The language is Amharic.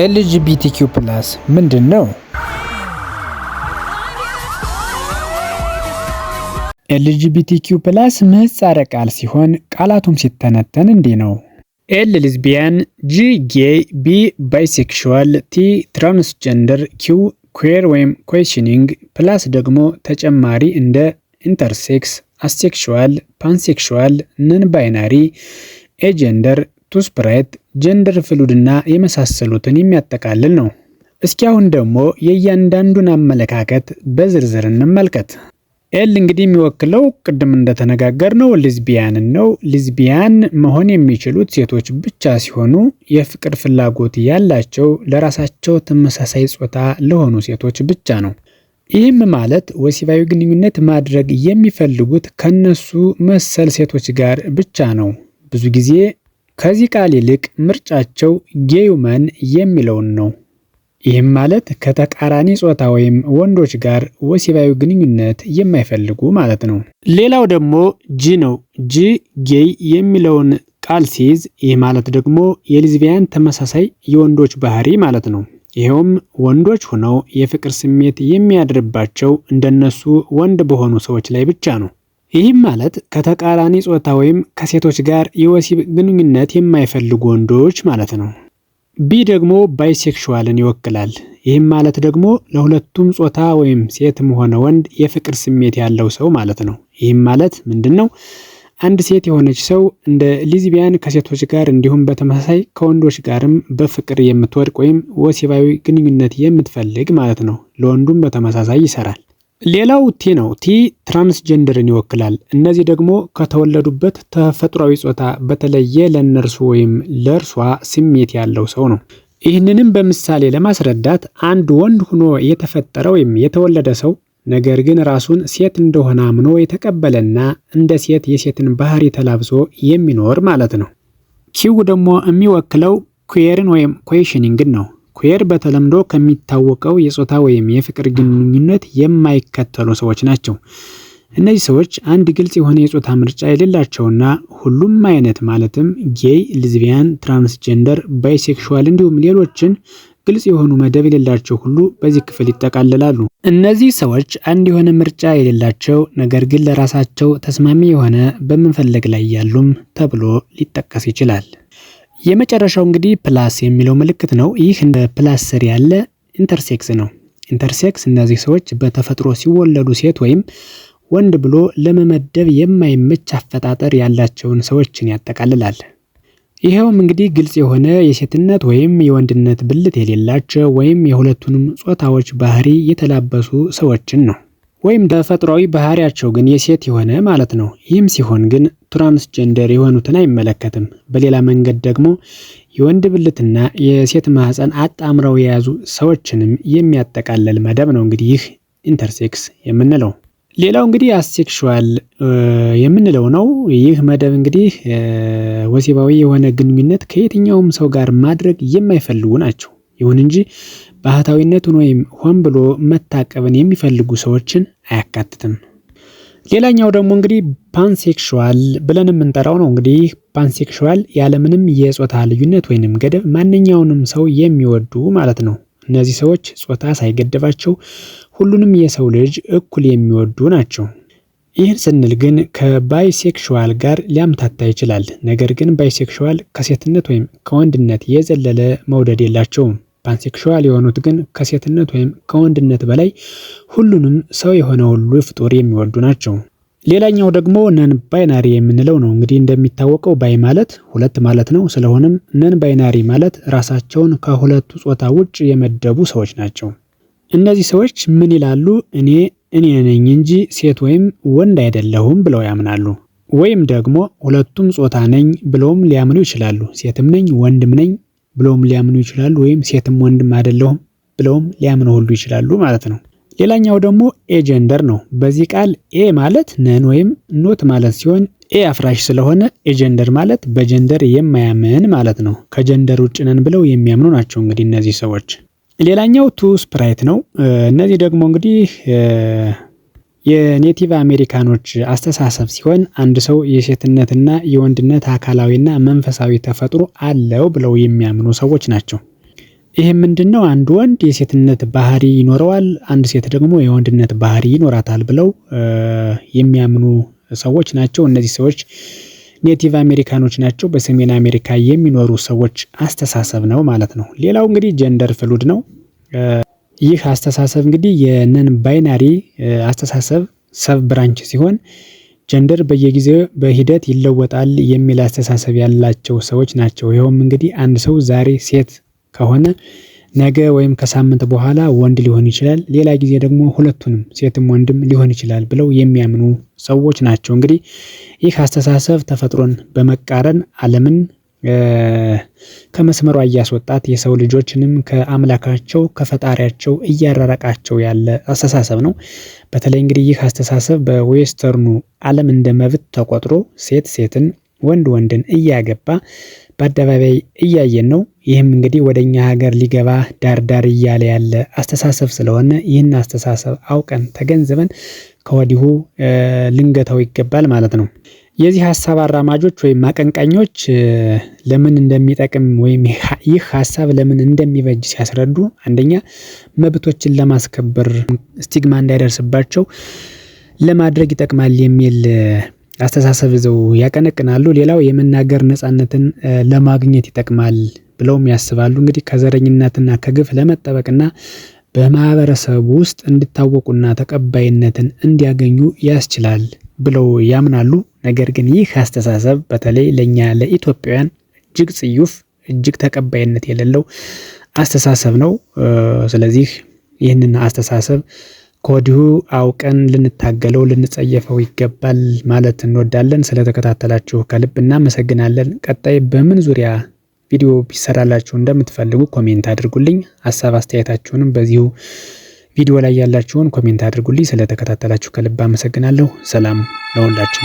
ኤልጂቢቲኪው ፕላስ ምንድን ነው? ኤልጂቢቲኪው ፕላስ ምህጻረ ቃል ሲሆን ቃላቱም ሲተነተን እንዲህ ነው። ኤል ሊዝቢያን፣ ጂ ጌይ፣ ቢ ባይሴክሽዋል ቲ ትራንስጀንደር፣ ኪው ኩዌር ወይም ኩዌሽኒንግ፣ ፕላስ ደግሞ ተጨማሪ እንደ ኢንተርሴክስ፣ አሴክሽዋል ፓንሴክሽዋል ነን ባይናሪ፣ ኤጀንደር፣ ቱስፕራይት ጀንደር ፍሉድና የመሳሰሉትን የሚያጠቃልል ነው። እስኪ አሁን ደግሞ የእያንዳንዱን አመለካከት በዝርዝር እንመልከት። ኤል እንግዲህ የሚወክለው ቅድም እንደተነጋገር ነው ሊዝቢያንን ነው። ሊዝቢያን መሆን የሚችሉት ሴቶች ብቻ ሲሆኑ የፍቅር ፍላጎት ያላቸው ለራሳቸው ተመሳሳይ ጾታ ለሆኑ ሴቶች ብቻ ነው። ይህም ማለት ወሲባዊ ግንኙነት ማድረግ የሚፈልጉት ከነሱ መሰል ሴቶች ጋር ብቻ ነው። ብዙ ጊዜ ከዚህ ቃል ይልቅ ምርጫቸው ጌዩመን የሚለውን ነው። ይህም ማለት ከተቃራኒ ጾታ ወይም ወንዶች ጋር ወሲባዊ ግንኙነት የማይፈልጉ ማለት ነው። ሌላው ደግሞ ጂ ነው። ጂ ጌይ የሚለውን ቃል ሲይዝ ይህ ማለት ደግሞ የሊዝቢያን ተመሳሳይ የወንዶች ባህሪ ማለት ነው። ይኸውም ወንዶች ሆነው የፍቅር ስሜት የሚያድርባቸው እንደነሱ ወንድ በሆኑ ሰዎች ላይ ብቻ ነው። ይህም ማለት ከተቃራኒ ጾታ ወይም ከሴቶች ጋር የወሲብ ግንኙነት የማይፈልጉ ወንዶች ማለት ነው። ቢ ደግሞ ባይሴክሹዋልን ይወክላል። ይህም ማለት ደግሞ ለሁለቱም ጾታ ወይም ሴትም ሆነ ወንድ የፍቅር ስሜት ያለው ሰው ማለት ነው። ይህም ማለት ምንድን ነው? አንድ ሴት የሆነች ሰው እንደ ሊዝቢያን ከሴቶች ጋር እንዲሁም በተመሳሳይ ከወንዶች ጋርም በፍቅር የምትወድቅ ወይም ወሲባዊ ግንኙነት የምትፈልግ ማለት ነው። ለወንዱም በተመሳሳይ ይሰራል። ሌላው ቲ ነው። ቲ ትራንስጀንደርን ይወክላል። እነዚህ ደግሞ ከተወለዱበት ተፈጥሯዊ ጾታ በተለየ ለእነርሱ ወይም ለእርሷ ስሜት ያለው ሰው ነው። ይህንንም በምሳሌ ለማስረዳት አንድ ወንድ ሆኖ የተፈጠረ ወይም የተወለደ ሰው ነገር ግን ራሱን ሴት እንደሆነ አምኖ የተቀበለና እንደ ሴት የሴትን ባህሪ ተላብሶ የሚኖር ማለት ነው። ኪው ደግሞ የሚወክለው ኩየርን ወይም ኮሽኒንግን ነው። ኩዌር በተለምዶ ከሚታወቀው የጾታ ወይም የፍቅር ግንኙነት የማይከተሉ ሰዎች ናቸው። እነዚህ ሰዎች አንድ ግልጽ የሆነ የጾታ ምርጫ የሌላቸውና ሁሉም አይነት ማለትም ጌይ፣ ሊዝቢያን፣ ትራንስጀንደር፣ ባይሴክሹዋል እንዲሁም ሌሎችን ግልጽ የሆኑ መደብ የሌላቸው ሁሉ በዚህ ክፍል ይጠቃልላሉ። እነዚህ ሰዎች አንድ የሆነ ምርጫ የሌላቸው ነገር ግን ለራሳቸው ተስማሚ የሆነ በመፈለግ ላይ ያሉም ተብሎ ሊጠቀስ ይችላል። የመጨረሻው እንግዲህ ፕላስ የሚለው ምልክት ነው። ይህ እንደ ፕላስ ስር ያለ ኢንተርሴክስ ነው። ኢንተርሴክስ እነዚህ ሰዎች በተፈጥሮ ሲወለዱ ሴት ወይም ወንድ ብሎ ለመመደብ የማይመች አፈጣጠር ያላቸውን ሰዎችን ያጠቃልላል። ይኸውም እንግዲህ ግልጽ የሆነ የሴትነት ወይም የወንድነት ብልት የሌላቸው ወይም የሁለቱንም ጾታዎች ባህሪ የተላበሱ ሰዎችን ነው። ወይም ተፈጥሯዊ ባህሪያቸው ግን የሴት የሆነ ማለት ነው። ይህም ሲሆን ግን ትራንስጀንደር የሆኑትን አይመለከትም። በሌላ መንገድ ደግሞ የወንድ ብልትና የሴት ማህፀን አጣምረው የያዙ ሰዎችንም የሚያጠቃልል መደብ ነው እንግዲህ ይህ ኢንተርሴክስ የምንለው። ሌላው እንግዲህ አሴክሹዋል የምንለው ነው። ይህ መደብ እንግዲህ ወሲባዊ የሆነ ግንኙነት ከየትኛውም ሰው ጋር ማድረግ የማይፈልጉ ናቸው። ይሁን እንጂ ባህታዊነቱን ወይም ሆን ብሎ መታቀብን የሚፈልጉ ሰዎችን አያካትትም። ሌላኛው ደግሞ እንግዲህ ፓንሴክሹዋል ብለን የምንጠራው ነው። እንግዲህ ፓንሴክሹዋል ያለምንም የጾታ ልዩነት ወይንም ገደብ ማንኛውንም ሰው የሚወዱ ማለት ነው። እነዚህ ሰዎች ጾታ ሳይገደባቸው ሁሉንም የሰው ልጅ እኩል የሚወዱ ናቸው። ይህን ስንል ግን ከባይሴክሹዋል ጋር ሊያምታታ ይችላል። ነገር ግን ባይሴክሹዋል ከሴትነት ወይም ከወንድነት የዘለለ መውደድ የላቸውም። ፓንሴክሹዋል የሆኑት ግን ከሴትነት ወይም ከወንድነት በላይ ሁሉንም ሰው የሆነ ሁሉ ፍጡር የሚወዱ ናቸው። ሌላኛው ደግሞ ነን ባይናሪ የምንለው ነው። እንግዲህ እንደሚታወቀው ባይ ማለት ሁለት ማለት ነው። ስለሆነም ነን ባይናሪ ማለት ራሳቸውን ከሁለቱ ጾታ ውጭ የመደቡ ሰዎች ናቸው። እነዚህ ሰዎች ምን ይላሉ? እኔ እኔ ነኝ እንጂ ሴት ወይም ወንድ አይደለሁም ብለው ያምናሉ። ወይም ደግሞ ሁለቱም ጾታ ነኝ ብለውም ሊያምኑ ይችላሉ። ሴትም ነኝ ወንድም ነኝ ብለውም ሊያምኑ ይችላሉ። ወይም ሴትም ወንድም አይደለሁም ብለውም ሊያምኑ ሁሉ ይችላሉ ማለት ነው። ሌላኛው ደግሞ ኤጀንደር ነው። በዚህ ቃል ኤ ማለት ነን ወይም ኖት ማለት ሲሆን ኤ አፍራሽ ስለሆነ ኤጀንደር ማለት በጀንደር የማያምን ማለት ነው። ከጀንደር ውጭ ነን ብለው የሚያምኑ ናቸው እንግዲህ እነዚህ ሰዎች። ሌላኛው ቱ ስፕራይት ነው። እነዚህ ደግሞ እንግዲህ የኔቲቭ አሜሪካኖች አስተሳሰብ ሲሆን አንድ ሰው የሴትነትና የወንድነት አካላዊና መንፈሳዊ ተፈጥሮ አለው ብለው የሚያምኑ ሰዎች ናቸው። ይህ ምንድነው? አንድ ወንድ የሴትነት ባህሪ ይኖረዋል፣ አንድ ሴት ደግሞ የወንድነት ባህሪ ይኖራታል ብለው የሚያምኑ ሰዎች ናቸው። እነዚህ ሰዎች ኔቲቭ አሜሪካኖች ናቸው። በሰሜን አሜሪካ የሚኖሩ ሰዎች አስተሳሰብ ነው ማለት ነው። ሌላው እንግዲህ ጀንደር ፍሉድ ነው። ይህ አስተሳሰብ እንግዲህ የነን ባይናሪ አስተሳሰብ ሰብ ብራንች ሲሆን ጀንደር በየጊዜው በሂደት ይለወጣል የሚል አስተሳሰብ ያላቸው ሰዎች ናቸው። ይኸውም እንግዲህ አንድ ሰው ዛሬ ሴት ከሆነ ነገ ወይም ከሳምንት በኋላ ወንድ ሊሆን ይችላል፣ ሌላ ጊዜ ደግሞ ሁለቱንም ሴትም ወንድም ሊሆን ይችላል ብለው የሚያምኑ ሰዎች ናቸው። እንግዲህ ይህ አስተሳሰብ ተፈጥሮን በመቃረን ዓለምን ከመስመሯ እያስወጣት የሰው ልጆችንም ከአምላካቸው ከፈጣሪያቸው እያራራቃቸው ያለ አስተሳሰብ ነው። በተለይ እንግዲህ ይህ አስተሳሰብ በዌስተርኑ ዓለም እንደ መብት ተቆጥሮ ሴት ሴትን ወንድ ወንድን እያገባ በአደባባይ እያየን ነው። ይህም እንግዲህ ወደ እኛ ሀገር ሊገባ ዳርዳር እያለ ያለ አስተሳሰብ ስለሆነ ይህን አስተሳሰብ አውቀን ተገንዝበን ከወዲሁ ልንገታው ይገባል ማለት ነው። የዚህ ሀሳብ አራማጆች ወይም አቀንቃኞች ለምን እንደሚጠቅም ወይም ይህ ሀሳብ ለምን እንደሚበጅ ሲያስረዱ አንደኛ መብቶችን ለማስከበር ስቲግማ እንዳይደርስባቸው ለማድረግ ይጠቅማል የሚል አስተሳሰብ ይዘው ያቀነቅናሉ። ሌላው የመናገር ነፃነትን ለማግኘት ይጠቅማል ብለውም ያስባሉ። እንግዲህ ከዘረኝነትና ከግፍ ለመጠበቅና በማህበረሰብ ውስጥ እንዲታወቁና ተቀባይነትን እንዲያገኙ ያስችላል ብለው ያምናሉ። ነገር ግን ይህ አስተሳሰብ በተለይ ለእኛ ለኢትዮጵያውያን እጅግ ጽዩፍ፣ እጅግ ተቀባይነት የሌለው አስተሳሰብ ነው። ስለዚህ ይህንን አስተሳሰብ ከወዲሁ አውቀን ልንታገለው ልንጸየፈው ይገባል ማለት እንወዳለን። ስለተከታተላችሁ ከልብ እናመሰግናለን። ቀጣይ በምን ዙሪያ ቪዲዮ ቢሰራላችሁ እንደምትፈልጉ ኮሜንት አድርጉልኝ። ሀሳብ አስተያየታችሁንም በዚሁ ቪዲዮ ላይ ያላችሁን ኮሜንት አድርጉልኝ። ስለተከታተላችሁ ከልብ አመሰግናለሁ። ሰላም ለሁላችሁ።